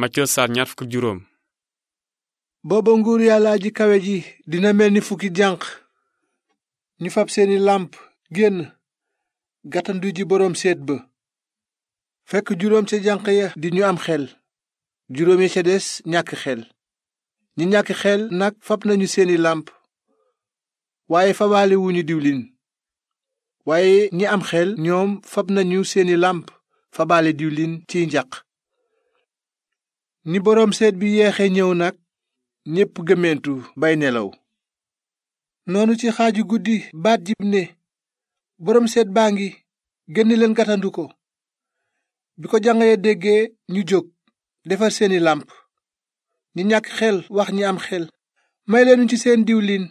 Matthieu saar juróom booba nguur yàlla ji kawe ji dina mel ni fukki jànq ñu fab seeni làmp génn gàttandu ji boroom seet ba fekk juróom ca jànq ya di ñu am xel juróom ya ca des ñàkk xel ñi ñàkk xel nag fab nañu seeni làmp waaye fabaale diwlin waaye ñi am xel ñoom fab nañu seeni làmp fabaale diwlin ciy njaq ni boroom seet bi yeexe ñëw nag ñépp gëmmentu bay nelaw noonu ci xaaju guddi baat jib ne boroom seet baa ngi génn leen gatandu ko bi ko jàng ya déggee ñu jóg defar seeni làmp ñi ñàkk xel wax ñi am xel may leenu ci seen diwlin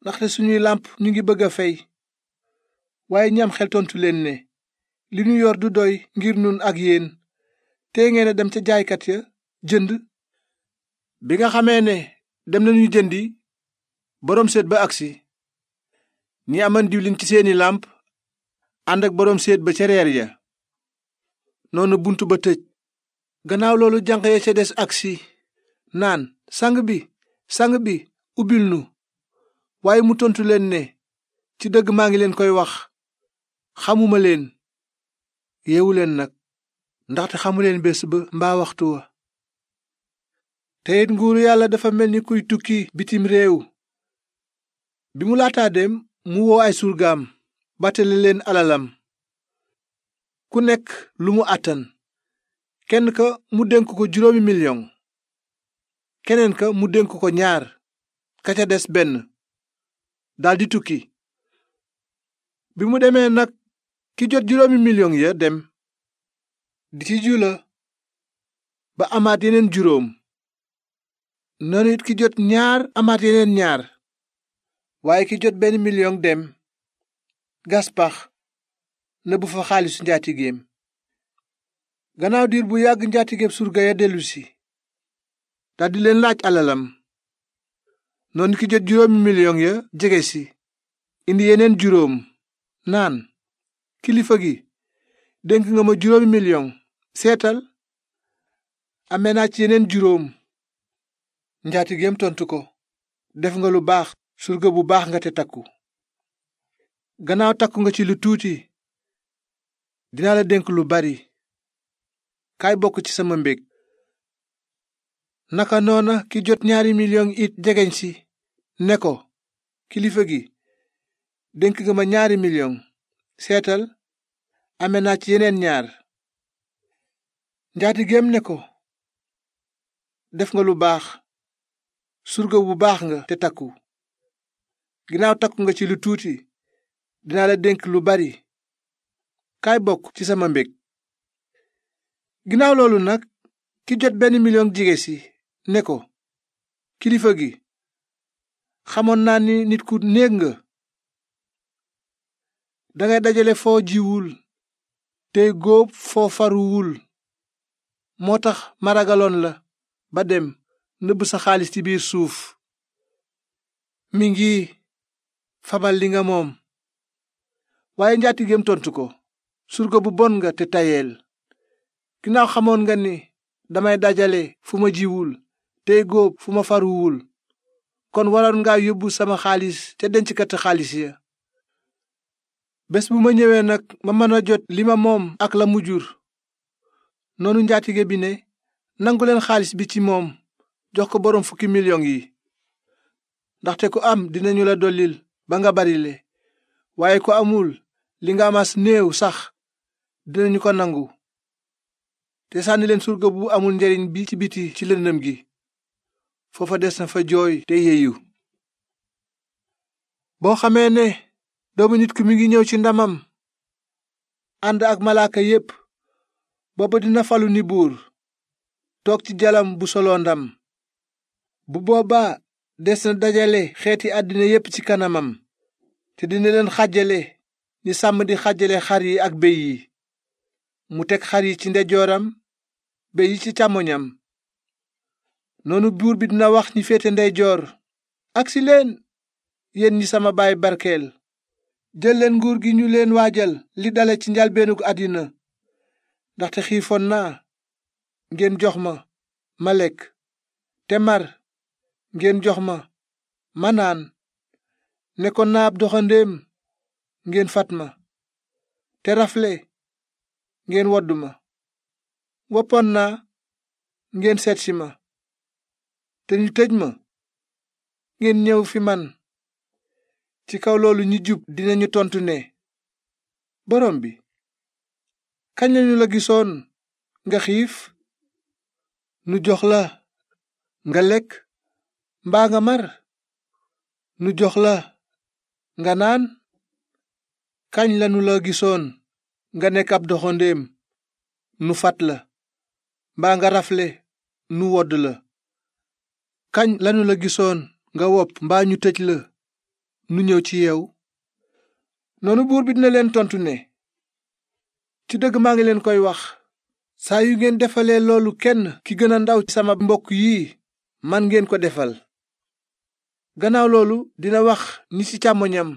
ndaxte suñuy làmp ñu ngi bëgg a fey waaye ñi am xel tontu leen ne li ñu yor du doy ngir nun ak yéen tee ngeen a dem ca jaaykat ya jënd bi nga xamee ne dem nañu jëndi boroom seet ba agsi ñi aman diwlin ci seeni làmp ànd ak boroom seet ba ca reer ya noonu bunt ba tëj gannaaw loolu jànq ya ca des agsi naan sang bi sang bi ubbil nu waaye mu tontu leen ne ci dëgg maa ngi leen koy wax xamuma leen yeewu leen nag ndaxte xamu leen bés ba mbaa waxtu wa te it nguuru yàlla dafa mel ni kuy tukki bitim réew bi mu laataa dem mu woo ay surgaam batale leen alalam ku nekk lu mu àttan kenn ka mu dénk ko juróomi million keneen ka mu dénk ko ñaar ka ca des benn daldi tukki bi mu demee nag ki jot juróomi million ya dem di ci jula ba amaat yeneen juróom noonu ki jot ñaar amaat ñaar waaye ki jot benn million dem gaspax pax na bu fa xaalisu njaatigéem gannaaw diir bu yàgg njaatigéem surga ya dellusi daldi leen laaj alalam noonu ki jot juróomi million ya jege si indi yeneen juróom naan kilifa gi dénk nga ma juróomi seetal amee naa ci yeneen juróom njaatigeem tontu ko def nga lu baax surga bu baax nga te takku ganaaw takku nga ci lu tuuti dinaa la denk lu bari kaay bokk ci sama mbég naka noona ki jot ñaari million it jegeñ si ne ko kilifa gi dénk nga ma ñaari million seetal ame naa ci yeneen ñaar njaatigeem ne ko def nga lu baax surga bu baax nga te takku ginaaw takku nga ci lu tuuti dinaa la dénk lu bari kaay bokk ci sama mbég ginnaaw loolu nag ki jot benn million jige si ne ko kilifa gi xamoon naa ni nit ku néeg nga dangay dajale foo jiwul tey góob foo faruwul moo tax ma ragaloon la ba dem nëbb sa xaalis ci biir suuf mi ngi fabal li nga moom waaye njaatigeem tontu ko surga bu bon nga te tayeel ginnaaw xamoon nga ni damay dajale fu ma jiwul tey góob fu ma faruwul kon waroon ngaa yóbbu sama xaalis te denckati xaalis ya bés bu ma ñëwee nag ma mën a jot li ma moom ak la mu jur noonu njaatige bi ne nangu leen xaalis bi ci moom jox ko boroom fukki million yi ndaxte ku am dinañu la dollil ba nga barile waaye ku amul li nga amas néew sax dinañu ko nangu te sànni leen surga bu amul njariñ bi ci biti ci lëndëm gi foofa des na fa jooy te yeeyu boo xamee ne doomu nit ki mu ngi ñëw ci ndamam ànd ak malaaka yépp booba dina falu ni buur toog ci jalam bu soloo ndam bu boobaa des na dajale xeeti àddina yépp ci kanamam te dina leen xajale ni sàmm di xàjjale xar yi ak béy yi mu teg xar yi ci ndeyjooram béy yi ci càmmoñam noonu buur bi dina wax ñi féete ndeyjoor agsi leen yéen ñi sama baay barkeel jël leen nguur gi ñu leen waajal li dale ci njalbeenug àddina ndaxte xiifoon naa ngeen jox ma ma lekk te mar ngeen jox ma manaan naan ne ko naab doxandéem ngeen fat ma te rafle ngeen wodd ma woppoon naa ngeen seetsi ma te ñu tëj ma ngeen ñëw fi man ci kaw loolu ñu jub dinañu tontu ne borom bi kañ lañu la gisoon nga xiif nu jox la nga lekk mbaa nga mar nu jox la nga naan kañ lanu la gisoon nga nekk ab doxandéem nu fat la mbaa nga rafle nu wodd la kañ lanu la gisoon nga wopp mbaa ñu tëj la nu ñëw ci yow noonu buur bi dina leen tontu ne ci dëgg maa ngi leen koy wax saa yu ngeen defalee loolu kenn ki gën a ndaw ci sama mbokk yii man ngeen ko defal gannaaw loolu dina wax ni ci càmmoñam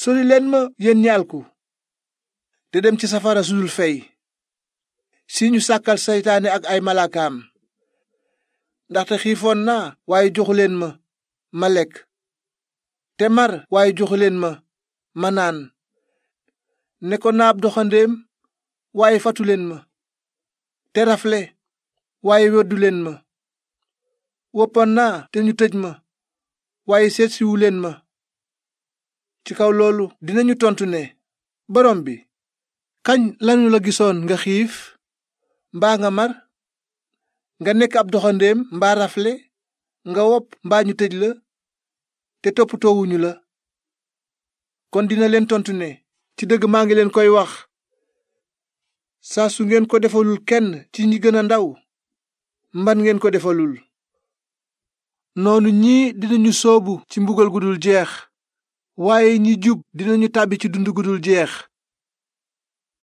sori leen ma yéen ñi alku te dem ci safara su dul fey si ñu sàkkal seytaane ak ay malaakaam ndaxte xiifoon naa waaye joxu leen ma ma lekk te mar waaye joxu leen ma ma naan nekkoon naa ab doxandéem waaye fatu leen ma te rafle waaye weddu leen ma woppoon naa te ñu tëj ma waaye seetsiwu leen ma ci kaw loolu dinañu tontu ne borom bi kañ lanu la gisoon nga xiif mbaa nga mar nga nekk ab doxandéem mbaa rafle nga wopp mbaa ñu tëj la te toppatoowuñu la kon dina leen tontu ne ci dëgg maa ngi leen koy wax saa su ngeen ko defalul kenn ci ñi gën a ndaw mban ngeen ko defalul noonu ñii dinañu soobu ci mbugal gu dul jeex waaye ñi jub dinañu tàbbi ci dund gu dul jeex